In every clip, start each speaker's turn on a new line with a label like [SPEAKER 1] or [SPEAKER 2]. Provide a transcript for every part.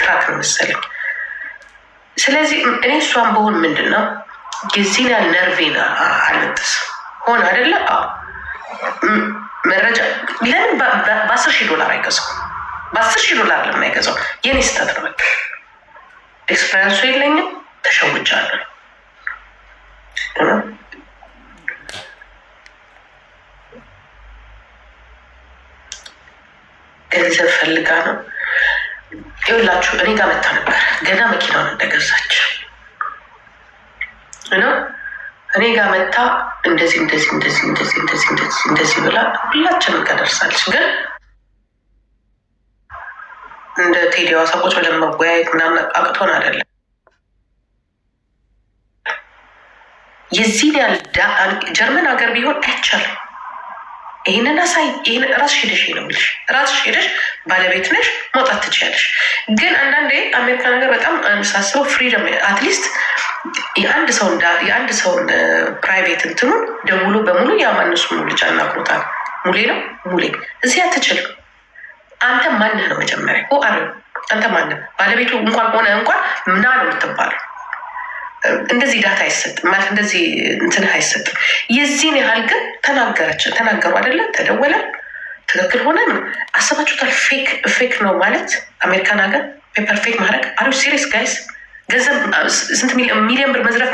[SPEAKER 1] ትራክ ነው መሰለኝ። ስለዚህ እኔ እሷን በሆን ምንድን ነው ጊዜና ነርቬን አልመጥስ ሆን አደለ መረጃ ለምን በአስር ሺህ ዶላር አይገዛው? በአስር ሺህ ዶላር ለምን አይገዛው? የኔ ስህተት ነው። በቃ ኤክስፐሪንሱ የለኝም፣ ተሸውጃለሁ። ገንዘብ ፈልጋ ነው ይኸውላችሁ እኔ ጋር መታ ነበር ገና መኪናውን እንደገዛች እና እኔ ጋር መታ እንደዚህ እንደዚህ እንደዚህ እንደዚህ እንደዚህ እንደዚህ እንደዚህ ብላ ሁላችንም ከደርሳለች። ግን እንደ ቴዲ ሀዋሳ ቁጭ ብለን መወያየት ምናምን አቅቶን አይደለም። የዚህን ያህል ጀርመን ሀገር ቢሆን አይቻልም። ይህንን አሳይ፣ ይህን ራስሽ ሄደሽ ነው የሚልሽ። ራስሽ ሄደሽ ባለቤት ነሽ፣ መውጣት ትችያለሽ። ግን አንዳንዴ አሜሪካ ነገር በጣም ሳስበው ፍሪደም አትሊስት የአንድ ሰው የአንድ ሰውን ፕራይቬት እንትኑን ደውሎ በሙሉ ያማንሱ ልጅ አናግሮታል። ሙሌ ነው ሙሌ። እዚህ አትችልም። አንተ ማን ነው መጀመሪያ አረ አንተ ማንህ ባለቤቱ እንኳን ሆነ እንኳን ምና ነው የምትባለው። እንደዚህ ዳታ አይሰጥም ማለት እንደዚህ እንትን አይሰጥም። የዚህን ያህል ግን ተናገረች ተናገሩ አይደለም ተደወላል? ትክክል ሆነ ነው አሰባችሁታል። ፌክ ፌክ ነው ማለት አሜሪካን ሀገር ፔፐር ፌክ ማድረግ አሪ ሲሪስ ጋይስ ገንዘብ ስንት ሚሊዮን ብር መዝረፍ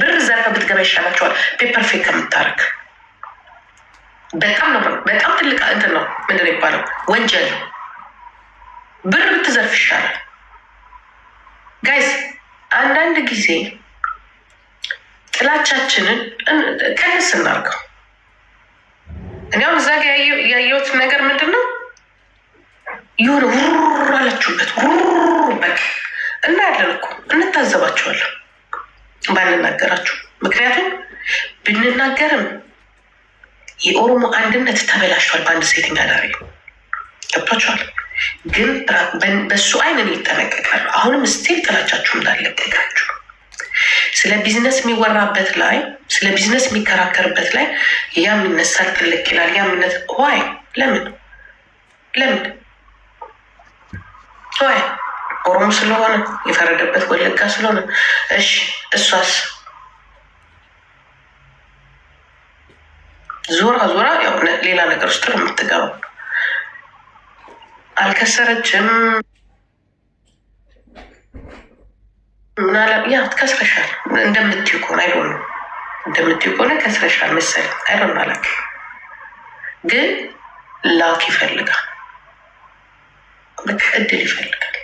[SPEAKER 1] ብር ዘርፈ ብትገባ ይሻላቸዋል ፔፐር ፌክ ከምታረግ በጣም ነው በጣም ትልቅ እንትን ነው ምንድን ነው ይባለው ወንጀል ብር ብትዘርፍ ይሻላል ጋይስ አንዳንድ ጊዜ ጥላቻችንን ከንስ እናርገው እኔም እዛ ጋ ያየሁት ነገር ምንድን ነው የሆነ ውር አላችሁበት ውርበቅ እና ያለን እኮ እንታዘባቸዋለን ባንናገራችሁ። ምክንያቱም ብንናገርም የኦሮሞ አንድነት ተበላሽቷል በአንድ ሴተኛ አዳሪ ገብቷችኋል። ግን በሱ አይን እኔ ይጠነቀቃሉ። አሁንም ስቴል ጥላቻችሁ እንዳለቀቃችሁ ስለ ቢዝነስ የሚወራበት ላይ ስለ ቢዝነስ የሚከራከርበት ላይ ያም ይነሳል፣ ይላል። ያምነት ዋይ ለምን ለምን ዋይ ኦሮሞ ስለሆነ የፈረደበት ወለጋ ስለሆነ እሺ፣ እሷስ ዞራ ዞራ ሌላ ነገር ውስጥ ነው የምትገባው። አልከሰረችም። ያ ከስረሻል እንደምትዩ ከሆነ አይሆኑ እንደምትዩ ከሆነ ከስረሻል መሰል አይሆን ማለት ግን ላክ ይፈልጋል። በቃ እድል ይፈልጋል።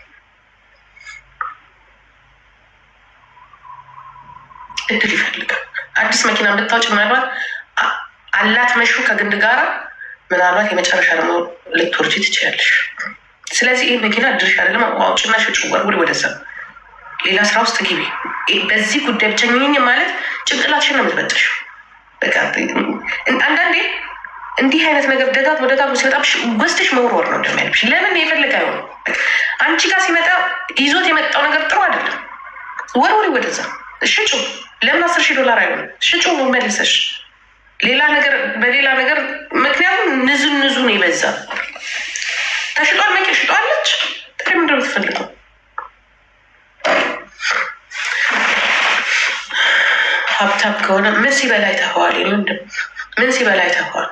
[SPEAKER 1] እድል ይፈልጋል። አዲስ መኪና ብታወጭ ምናልባት አላት መሹ ከግንድ ጋራ ምናልባት የመጨረሻ ደግሞ ልትወርጂ ትችላለሽ። ስለዚህ ይህ መኪና ድርሻ አይደለም አውጭና ሽጭ ወደዛ ሌላ ስራ ውስጥ ግቢ። በዚህ ጉዳይ ብቸኝኝ ማለት ጭንቅላትሽን ነው የምትበጥሽ። አንዳንዴ እንዲህ አይነት ነገር ደጋት ወደ ጋር ሲመጣ ወስድሽ መውርወር ነው እንደሚያልብሽ። ለምን የፈለገ አይሆንም። አንቺ ጋር ሲመጣ ይዞት የመጣው ነገር ጥሩ አይደለም። ወርውሪ ወደዛ፣ ሽጩ። ለምን አስር ሺህ ዶላር አይሆንም? ሽጩ መልሰሽ ሌላ ነገር በሌላ ነገር ምክንያቱም ንዙን ንዙ ነው ይበዛ ተሽጧል መቄ ሽጧለች። ታዲያ ምንድን ነው ሀብታም ከሆነ ምን ሲበላ ይተፈዋል? ወንድም ምን ሲበላ ይተፈዋል?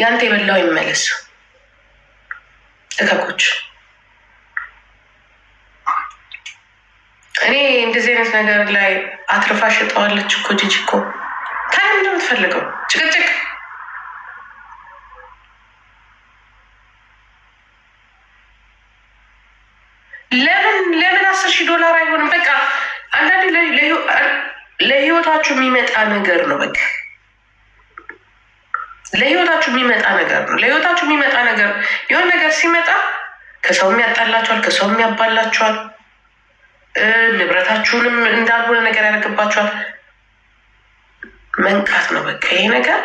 [SPEAKER 1] ያንተ የበላው ይመለስ። እከኮች እኔ እንደዚህ አይነት ነገር ላይ አትርፋ ሸጠዋለች እኮ ጂጂ እኮ ታዲያ ምንድን ነው የምትፈልገው ጭቅጭቅ ለህይወታችሁ የሚመጣ ነገር ነው። በቃ ለህይወታችሁ የሚመጣ ነገር ነው። ለህይወታችሁ የሚመጣ ነገር የሆነ ነገር ሲመጣ ከሰውም የሚያጣላችኋል፣ ከሰው የሚያባላችኋል፣ ንብረታችሁንም እንዳልሆነ ነገር ያደርግባችኋል። መንቃት ነው በቃ ይሄ ነገር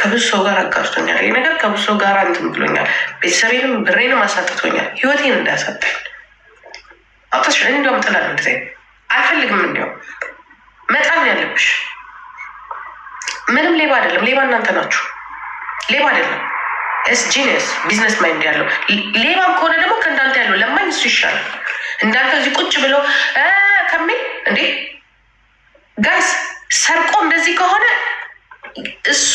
[SPEAKER 1] ከብዙ ሰው ጋር አጋርቶኛል። ይሄ ነገር ከብዙ ሰው ጋር እንትን ብሎኛል። ቤተሰቤንም ብሬንም አሳጥቶኛል። ህይወቴን እንዳያሳጣኝ አውጥተሽ እንዲያውም ጥላል ነው አልፈልግም እንዲያውም መጣን ያለብሽ። ምንም ሌባ አይደለም። ሌባ እናንተ ናችሁ። ሌባ አይደለም። እስ ጂኒየስ ቢዝነስ ማይንድ ያለው ሌባ ከሆነ ደግሞ ከእንዳንተ ያለው ለማኝ እሱ ይሻላል። እንዳንተ እዚህ ቁጭ ብሎ ከሚል እንዴ ጋይስ ሰርቆ እንደዚህ ከሆነ እሱ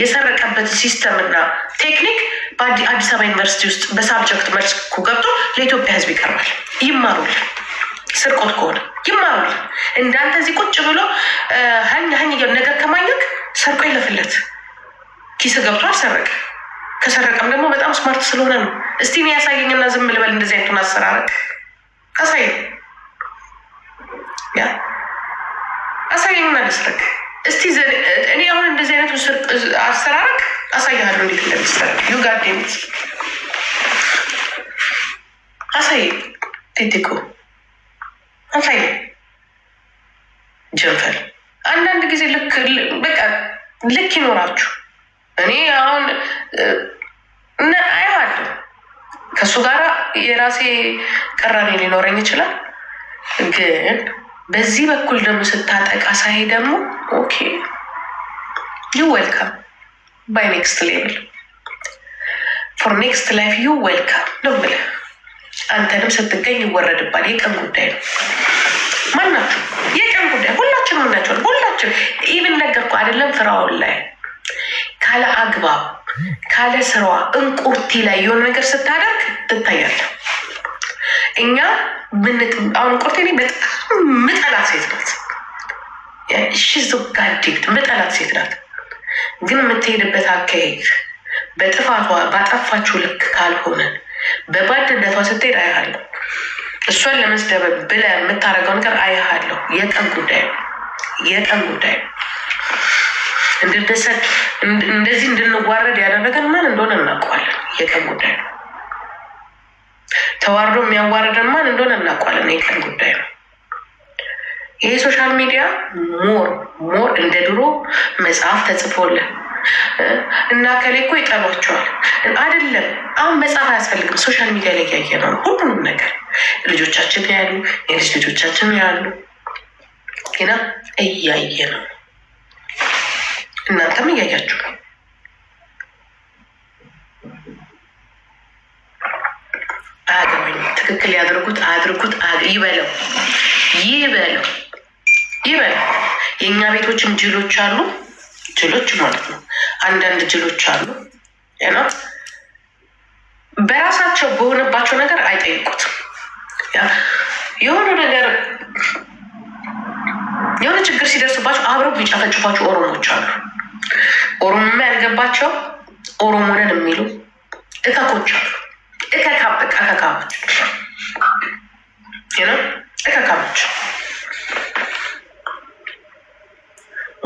[SPEAKER 1] የሰረቀበት ሲስተም እና ቴክኒክ በአዲስ አበባ ዩኒቨርሲቲ ውስጥ በሳብጀክት መልስ ገብቶ ለኢትዮጵያ ሕዝብ ይቀርባል። ይማሩልን። ስርቆት ከሆነ ይማሩ። እንዳንተ እዚህ ቁጭ ብሎ ሀኝ ሀኝ ነገር ከማኘክ ሰርቆ ይለፍለት ኪስ ገብቶ አልሰረቀ። ከሰረቀም ደግሞ በጣም ስማርት ስለሆነ ነው። እስቲ እኔ ያሳየኝና ዝም ልበል። እንደዚህ አይነቱን አሰራረቅ አሳየ አሳየኝና ልስረቅ። እስቲ እኔ አሁን እንደዚህ አይነቱ አሰራረቅ አሳያለሁ እንዴት እንደሚሰረቅ ዩ ጋዴሚት አሳየ ቴቴኮ አፋይ ጀንፈር አንዳንድ ጊዜ ልክ በቃ ልክ ይኖራችሁ። እኔ አሁን እነ አይሃል ከእሱ ጋር የራሴ ቅራኔ ሊኖረኝ ይችላል። ግን በዚህ በኩል ደግሞ ስታጠቃ ሳይ ደግሞ ኦኬ ዩ ዌልካም ባይ ኔክስት ሌቭል ፎር ኔክስት ላይፍ ዩ ዌልካም ነው አንተንም ስትገኝ ይወረድባል። የቀን ጉዳይ ነው። ማናችሁ የቀን ጉዳይ ሁላችን እናቸዋል። ሁላችን ኢብን ነገርኩ አይደለም ፍራውን ላይ ካለ አግባብ ካለ ስራዋ እንቁርቲ ላይ የሆነ ነገር ስታደርግ ትታያለ። እኛ አሁን እንቁርቲ ላይ በጣም ምጠላት ሴት ናት። ሽዞጋዴት ምጠላት ሴት ናት። ግን የምትሄድበት አካሄድ በጥፋቷ ባጠፋችሁ ልክ ካልሆነን ነቷ ስትሄድ አይሃለሁ። እሷን ለመስደብ ብለ የምታደርገው ነገር አይሃለሁ። የቀን ጉዳይ ነው፣ የቀን ጉዳይ እንድደሰድ እንደዚህ እንድንዋረድ ያደረገን ማን እንደሆነ እናውቀዋለን። የቀን ጉዳይ ነው። ተዋርዶ የሚያዋረደን ማን እንደሆነ እናውቀዋለን። የቀን ጉዳይ ነው። ይሄ ሶሻል ሚዲያ ሞር ሞር እንደ ድሮ መጽሐፍ ተጽፎልን እና ከሌ እኮ ይጠሏቸዋል አይደለም። አሁን መጽሐፍ አያስፈልግም። ሶሻል ሚዲያ ላይ ያየ ነው ሁሉንም ነገር ልጆቻችን ያሉ የልጅ ልጆቻችን ያሉ ና እያየ ነው። እናንተም እያያችሁ ነው። አያገባኝም። ትክክል ያድርጉት፣ አድርጉት፣ ይበለው፣ ይበለው፣ ይበለው። የእኛ ቤቶችም ጅሎች አሉ። ጅሎች ማለት ነው። አንዳንድ ጅሎች አሉ ና በራሳቸው በሆነባቸው ነገር አይጠይቁትም። የሆኑ ነገር የሆነ ችግር ሲደርስባቸው አብረው ቢጨፈጭፏቸው ኦሮሞች አሉ። ኦሮሞ ያልገባቸው ኦሮሞ ነን የሚሉ እከኮች አሉ። እከካበቃ እከካቦች ነው እከካቦች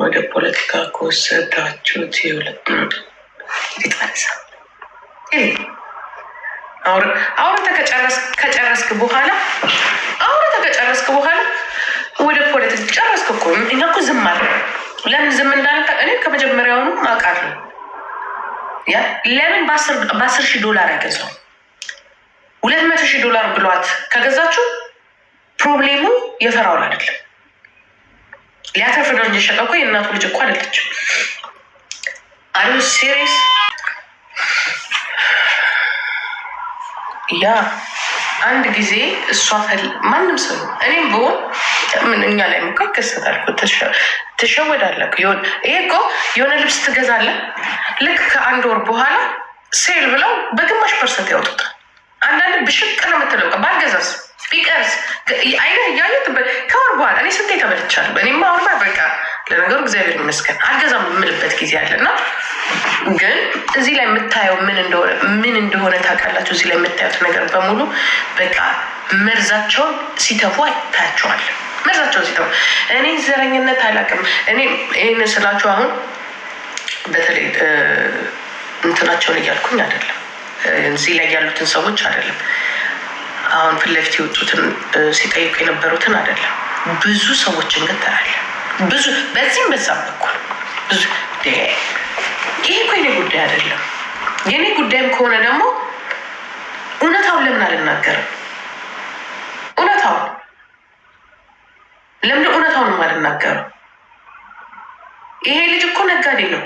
[SPEAKER 1] ወደ ፖለቲካ ከወሰዳችሁት ይጠርሳል። አውርተህ ከጨረስክ በኋላ አውርተህ ከጨረስክ በኋላ ወደ ፖለቲካ ጨረስክ እኮ እኛ እኮ ዝም አለ። ለምን ዝም እንዳልክ እኔ ከመጀመሪያውኑ አውቃለሁ። ለምን በአስር ሺህ ዶላር አይገዛው? ሁለት መቶ ሺህ ዶላር ብሏት ከገዛችሁ ፕሮብሌሙ የፈራውን አይደለም። ሊያተርፍ ነው እንጂ የሸጠው እኮ የእናቱ ልጅ እኮ አይደለችም። አዩ ሲሪስ ያ አንድ ጊዜ እሷ ፈል ማንም ሰው እኔም ብሆን ምን እኛ ላይ ምኳ ይከሰታል። ትሸወዳለህ። ይሄ እኮ የሆነ ልብስ ትገዛለህ። ልክ ከአንድ ወር በኋላ ሴል ብለው በግማሽ ፐርሰንት ያወጡታል። አንዳንድ ብሽቅ ነው የምትለው። ባልገዛስ ቢቀርስ አይነ እያየ ከወር በኋላ እኔ ስንቴ ተበልቻለሁ። እኔ አሁን በቃ ለነገሩ እግዚአብሔር ይመስገን አልገዛም የምልበት ጊዜ አለና ግን እዚህ ላይ የምታየው ምን እንደሆነ ምን እንደሆነ ታውቃላችሁ። እዚህ ላይ የምታዩት ነገር በሙሉ በቃ መርዛቸውን ሲተፉ አይታያቸዋል። መርዛቸውን ሲተፉ እኔ ዘረኝነት አላውቅም። እኔ ይህን ስላችሁ አሁን በተለይ እንትናቸውን እያልኩኝ አይደለም እዚህ ላይ ያሉትን ሰዎች አይደለም አሁን ፊት ለፊት የወጡትን ሲጠይቁ የነበሩትን አይደለም። ብዙ ሰዎችን ግን ታያለህ። ብዙ በዚህም በዛም በኩል ብዙ ይህ እኮ የኔ ጉዳይ አይደለም። የኔ ጉዳይም ከሆነ ደግሞ እውነታውን ለምን አልናገርም? እውነታውን ለምን እውነታውንም አልናገርም? ይሄ ልጅ እኮ ነጋዴ ነው፣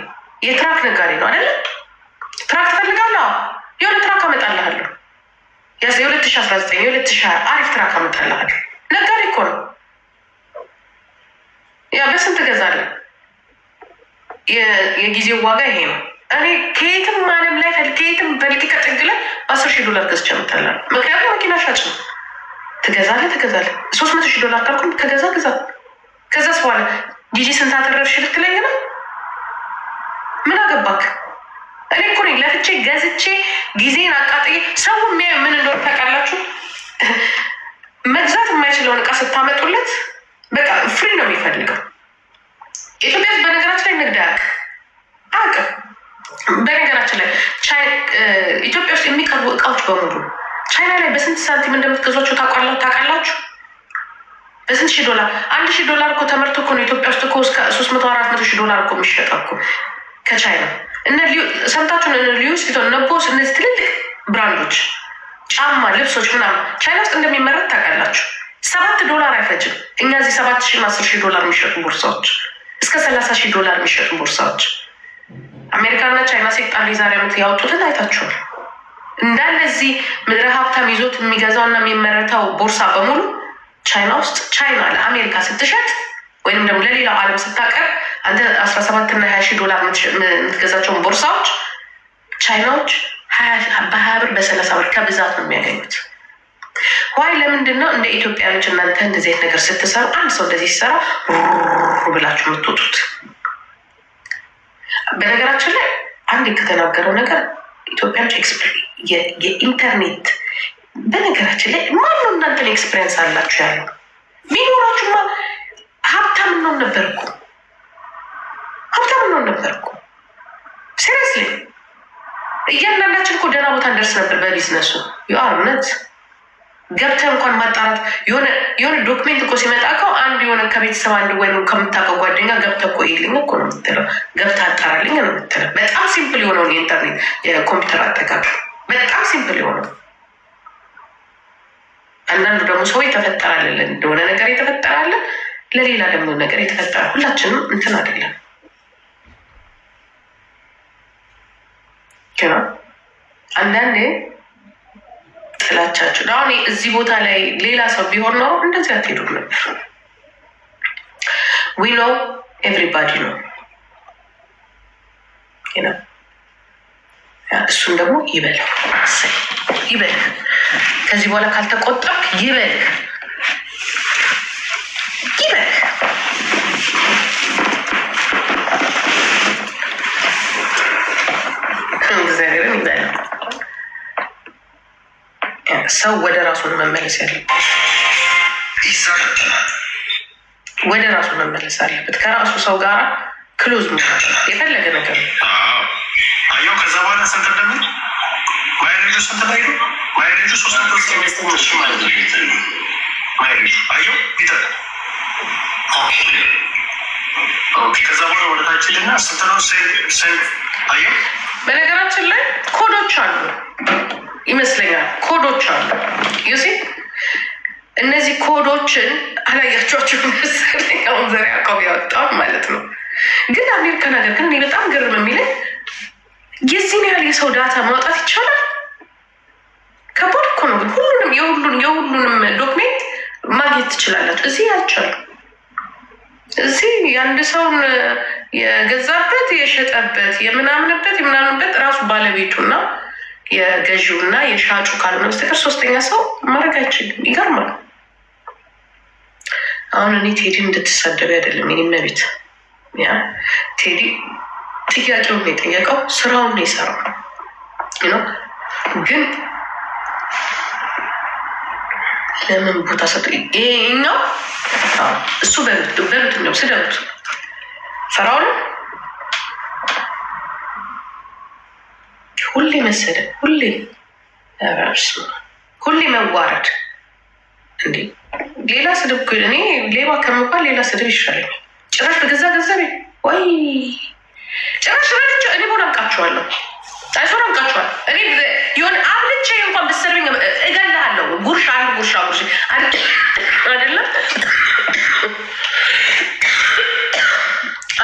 [SPEAKER 1] የትራክ ነጋዴ ነው አይደለም? ትራክ ትፈልጋለህ የሆነ ትራክ አመጣልሃለሁ። የሁለት ሺ አስራ ዘጠኝ የሁለት ሺ ሀያ አሪፍ ትራክ አመጣልሃለሁ። ነጋዴ እኮ ነው። ያ በስንት ገዛለ? የጊዜው ዋጋ ይሄ ነው። እኔ ከየትም ዓለም ላይ ከየትም በልቂቀ ከጥግ ላይ አስር ሺህ ዶላር ገዝቼ እመጣለሁ። ምክንያቱም መኪና ሻጭ ነው። ትገዛለህ ትገዛለህ። ሶስት መቶ ሺህ ዶላር ካልኩም ከገዛ ገዛ። ከዛስ በኋላ ጂጂ ስንት አተረፍሽ ልትለኝ ነው። ምን አገባክ? እኔ እኮ ነኝ ለፍቼ ገዝቼ ጊዜን አቃጥዬ። ሰው የሚያዩ ምን እንደሆነ ታውቃላችሁ? መግዛት የማይችለውን እቃ ስታመጡለት በቃ ፍሪ ነው የሚፈልገው። ኢትዮጵያ ውስጥ በነገራችን ላይ ንግድ አያውቅም አያውቅም። በነገራችን ላይ ኢትዮጵያ ውስጥ የሚቀርቡ እቃዎች በሙሉ ቻይና ላይ በስንት ሳንቲም እንደምትገዟቸው ታውቃላችሁ? በስንት ሺህ ዶላር አንድ ሺህ ዶላር እኮ ተመርቶ እኮ ነው ኢትዮጵያ ውስጥ እኮ እስከ ሶስት መቶ አራት መቶ ሺህ ዶላር እኮ የሚሸጠው እኮ ከቻይና ሰምታችሁን እነ ሊዩስ ቪቶን እነ ቦስ እነዚህ ትልልቅ ብራንዶች ጫማ፣ ልብሶች ምናምን ቻይና ውስጥ እንደሚመረት ታውቃላችሁ። ሰባት ዶላር አይፈጅም። እኛ እዚህ ሰባት ሺ አስር ሺ ዶላር የሚሸጡ ቦርሳዎች እስከ ሰላሳ ሺህ ዶላር የሚሸጡ ቦርሳዎች አሜሪካና ቻይና ሴጣን የዛሬ ዓመት ያወጡትን አይታችኋል። እንዳለዚህ ምድረ ሀብታም ይዞት የሚገዛውና የሚመረተው ቦርሳ በሙሉ ቻይና ውስጥ ቻይና ለአሜሪካ ስትሸጥ ወይም ደግሞ ለሌላው ዓለም ስታቀርብ አንተ አስራ ሰባት እና ሀያ ሺህ ዶላር የምትገዛቸውን ቦርሳዎች ቻይናዎች በሀያ ብር በሰላሳ ብር ከብዛት ነው የሚያገኙት። ዋይ ለምንድን ነው እንደ ኢትዮጵያኖች እናንተ እንደዚህ አይነት ነገር ስትሰሩ አንድ ሰው እንደዚህ ሲሰራ ሩ ብላችሁ የምትወጡት? በነገራችን ላይ አንድ ከተናገረው ነገር ኢትዮጵያኖች የኢንተርኔት በነገራችን ላይ ማነው እናንተን ኤክስፔሪንስ አላችሁ ያለው? ቢኖራችሁማ ሀብታም ነው ነበር እኮ ሀብታም ነው ነበርኩ። ሲሪየስሊ እያንዳንዳችን እኮ ደህና ቦታ እንደርስ ነበር በቢዝነሱ እውነት ገብተ እንኳን ማጣራት የሆነ ዶክሜንት እኮ ሲመጣ ከው አንድ የሆነ ከቤተሰብ አንድ ወይ ከምታውቀው ጓደኛ ገብተ እኮ ይልኝ እኮ ነው የምትለው፣ ገብተ አጣራልኝ ነው የምትለው። በጣም ሲምፕል የሆነውን የኢንተርኔት የኮምፒውተር አጠቃቀም በጣም ሲምፕል የሆነው። አንዳንዱ ደግሞ ሰው የተፈጠራለን እንደሆነ ነገር የተፈጠራለን ለሌላ ደግሞ ነገር የተፈጠረ ሁላችንም እንትን አይደለም። ገባ አንዳንዴ ጥላቻችሁ አሁን እዚህ ቦታ ላይ ሌላ ሰው ቢሆን ኖሮ እንደዚህ አትሄዱም ነበር። ዊ ኖው ኤቭሪባዲ ነው። እሱም ደግሞ ይበል ይበል፣ ከዚህ በኋላ ካልተቆጠብክ ይበል። እግዚአብሔርን እግዚአብሔር ሰው ወደ ራሱን መመለስ ያለበት ወደ ራሱ መመለስ አለበት። ከራሱ ሰው ጋር ክሎዝ የፈለገ ነገር
[SPEAKER 2] አየው። ከዛ በኋላ ስንት ደግሞ ማይሌጁ ስንት ላይ ነው? ሶስት መቶ ሚስት ማለት ነው። ማይሌጁ አየው ይጠቅ ከዛ በኋላ ወደታችልና ስንት ነው? አየው
[SPEAKER 1] በነገራችን ላይ ኮዶች አሉ ይመስለኛል። ኮዶች አሉ ዩሲ እነዚህ ኮዶችን አላያቸኋቸው መሰለኛውን አሁን ዘር ያወጣው ማለት ነው። ግን አሜሪካን ሀገር ግን እኔ በጣም ግርም የሚለኝ የዚህን ያህል የሰው ዳታ ማውጣት ይቻላል? ከባድ እኮ ነው። ሁሉንም የሁሉን የሁሉንም ዶክሜንት ማግኘት ትችላላችሁ። እዚህ አይቻልም። እዚህ የአንድ ሰውን የገዛበት የሸጠበት የምናምንበት የምናምንበት ራሱ ባለቤቱና የገዢውና የሻጩ ካልሆነ በስተቀር ሶስተኛ ሰው ማድረግ አይችልም። ይገርማል። አሁን እኔ ቴዲ እንድትሰደብ አይደለም የኔ መቤት። ያ ቴዲ ጥያቄውን የጠየቀው ስራውን ነው የሰራው ነው። ግን ለምን ቦታ ሰጡ? ይሄኛው እሱ በምት ነው ስደቡት ፈራውን ሁሌ መሰደብ፣ ሁሌ ሁሌ መዋረድ። እንዴ ሌላ ስድብ እኔ ሌባ ከመባል ሌላ ስድብ ይሻለኝ። ጭራሽ በገዛ ገንዘቤ ወይ ጭራሽ ረድቼ እኔ ሆን አብቃችኋለሁ፣ ጣይሶን አብቃችኋለሁ። እኔ የሆነ አብልቼ እንኳን ብትሰርብኝ እገልሃለሁ። ጉርሻ ጉርሻ ጉርሻ አይደለም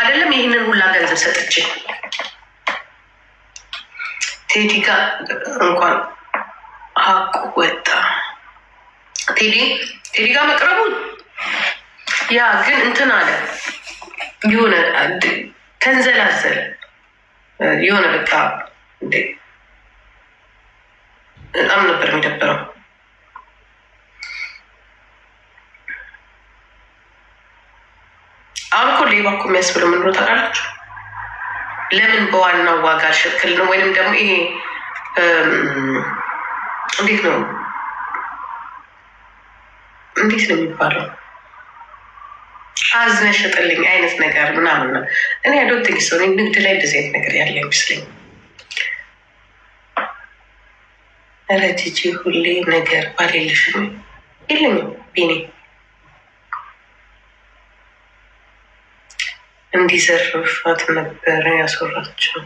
[SPEAKER 1] አይደለም ይህንን ሁላ ገንዘብ ሰጥቼ ቴዲ ጋር እንኳን ሀቁ ወጣ። ቴዲ ቴዲ ጋር መቅረቡ ያ ግን እንትን አለ የሆነ ተንዘላዘለ የሆነ በቃ በጣም ነበር የሚደበረው። የሚያስብለው ምን ታውቃላችሁ? ለምን በዋናው ዋጋ ነው ወይንም ደግሞ ይሄ እንዴት ነው እንዴት ነው የሚባለው አዝነ ሸጥልኝ አይነት ነገር ምናምን ነው። እኔ አዶትኝ ሰው ንግድ ላይ እንደዚህ አይነት ነገር ያለ ይመስለኝ። ረጅጅ ሁሌ ነገር ባሌለሽ የለኝም ቤኔ እንዲዘርፋት ነበረ ያስወራቸው።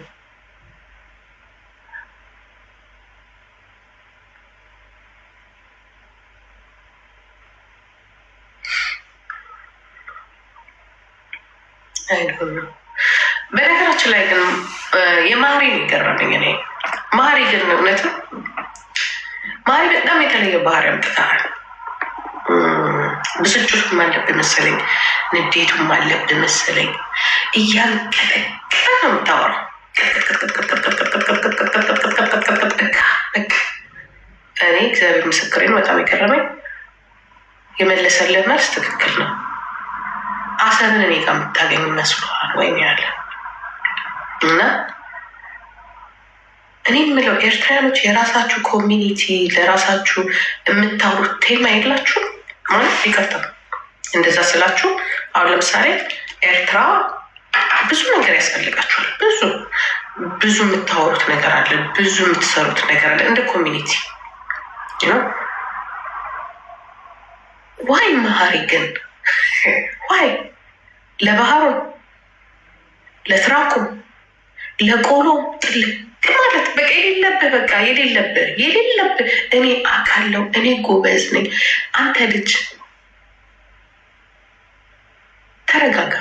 [SPEAKER 1] አይሆንም። በነገራችን ላይ ግን የማሪ ይገረመኝ እኔ ማሪ ግን እውነትም ማሪ በጣም የተለየ ባህሪ አምጥታል። ብስጭቱም አለብህ መሰለኝ፣ ንዴቱም አለብህ መሰለኝ። እያንቀጠቀጠ ነው የምታወራው። እኔ እግዚአብሔር ምስክሬን በጣም የገረመኝ የመለሰልህ መልስ ትክክል ነው። አሰብን እኔ ጋር የምታገኝ መስሎሃል ወይም ያለ እና እኔ የምለው ኤርትራያኖች የራሳችሁ ኮሚኒቲ ለራሳችሁ የምታውሩት ቴማ የላችሁም። ማለት ይቅርታ እንደዛ ስላችሁ አሁን ለምሳሌ ኤርትራ ብዙ ነገር ያስፈልጋችኋል። ብዙ ብዙ የምታወሩት ነገር አለ፣ ብዙ የምትሰሩት ነገር አለ። እንደ ኮሚኒቲ ዋይ መሀሪ ግን ዋይ ለባህሩም ለትራኩም ለቆሎም ጥልም ማለት በቃ የሌለብህ በቃ የሌለብህ የሌለብህ እኔ አካለው እኔ ጎበዝ ነኝ። አንተ ልጅ ተረጋጋ።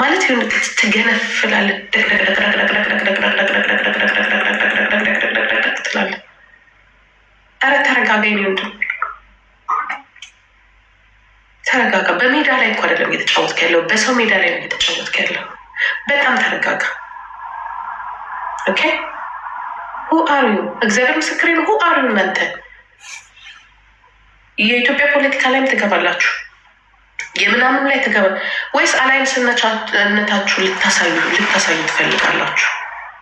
[SPEAKER 1] ማለት የሆነ ትገነፍላለህ ትላለህ። ኧረ ተረጋጋ የሚወንድም ተረጋጋ። በሜዳ ላይ እኮ አይደለም እየተጫወትክ ያለው፣ በሰው ሜዳ ላይ ነው እየተጫወትክ ያለው። በጣም ተረጋጋ። ኦኬ ሁ አር ዩ እግዚአብሔር ምስክሬ ነው። ሁ አር ዩ እናንተ የኢትዮጵያ ፖለቲካ ላይም ትገባላችሁ፣ የምናምን ላይ ትገባ ወይስ አላይንስነታችሁ ልታሳዩ ልታሳዩ ትፈልጋላችሁ?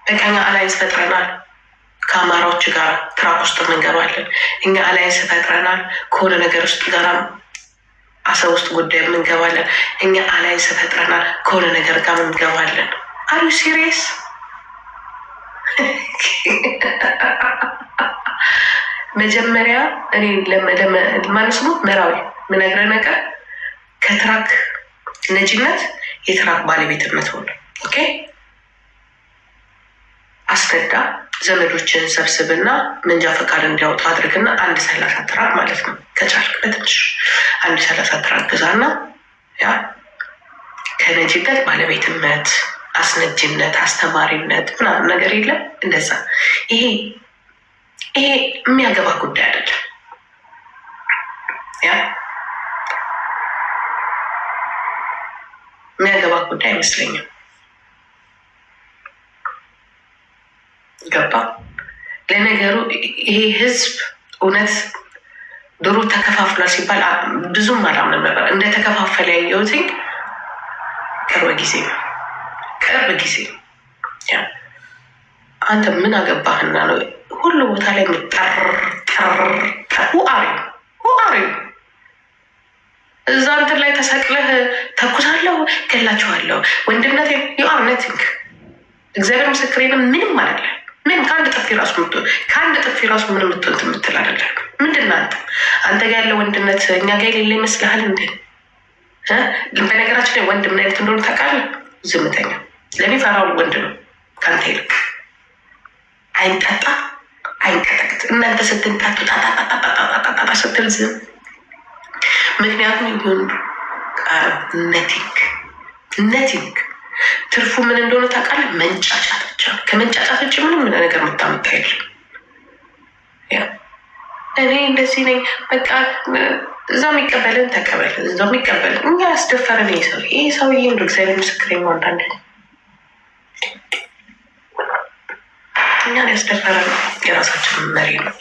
[SPEAKER 1] በቀኛ አላይንስ ፈጥረናል ከአማራዎች ጋር ትራክ ውስጥ እንገባለን። እኛ አላይንስ ፈጥረናል ከሆነ ነገር ውስጥ ጋ አሰብ ውስጥ ጉዳይ እንገባለን። እኛ አላይንስ ፈጥረናል ከሆነ ነገር ጋር እንገባለን። አሪ ሲሪስ ሲሪየስ መጀመሪያ እኔ ማለት ነው መራዊ ምነግረ ነገር ከትራክ ነጂነት የትራክ ባለቤትነት ሆነ። ኦኬ አስነዳ ዘመዶችን ሰብስብና መንጃ ፈቃድ እንዲያወጡ አድርግና አንድ ሰላሳ ትራክ ማለት ነው ከቻልክ በትንሽ አንድ ሰላሳ ትራክ ግዛና ያ ከነጂነት ባለቤትነት አስነጅነት፣ አስተማሪነት ምናምን ነገር የለም። እንደዛ ይሄ ይሄ የሚያገባ ጉዳይ አይደለም። ያ የሚያገባ ጉዳይ አይመስለኝም። ገባ ለነገሩ ይሄ ህዝብ እውነት ድሮ ተከፋፍሏል ሲባል ብዙም አላምንም ነበር። ያየውትኝ ተከፋፈለ ቅርብ ጊዜ ነው። ቅርብ ጊዜ አንተ ምን አገባህና ነው ሁሉ ቦታ ላይ ምጠርጠርጠር ሁአሪ እዛ እንትን ላይ ተሰቅለህ ተኩሳለሁ፣ ገላችኋለሁ፣ ወንድነት ዩአር ነቲንግ። እግዚአብሔር ምስክሬ ነው። ምንም አይደለም። ምን ከአንድ ጥፊ ራሱ ከአንድ ጥፊ ራሱ ምን ምትንት የምትል አይደለም። ምንድን ነው አንተ አንተ ጋር ያለ ወንድነት እኛ ጋር የሌለ ይመስልሃል እንዴ? በነገራችን ላይ ወንድ ምን አይነት እንደሆነ ታውቃለህ? ዝምተኛ ለእኔ ፈራውን ወንድ ነው ከአንተ ይልቅ አይንጣጣ አይንቀጠቅጥ። እናንተ ስትንጣጡ ጣጣጣጣጣጣጣጣ ስትል ዝም። ምክንያቱም የወንዱ ቀረብ ነቲንግ ነቲንግ ትርፉ ምን እንደሆነ ታውቃለህ? መንጫጫት ብቻ። ከመንጫጫት ውጭ ምንም ነገር የምታመጣ የለም። እኔ እንደዚህ ነኝ በቃ እዛ የሚቀበልን ተቀበል፣ እዛ የሚቀበልን እኛ ያስደፈረን ይሄ ሰው ይህ ሰውዬ እንደ እግዚአብሔር ምስክር አንዳንድ እኛን ያስደፈረን የራሳችን መሪ ነው።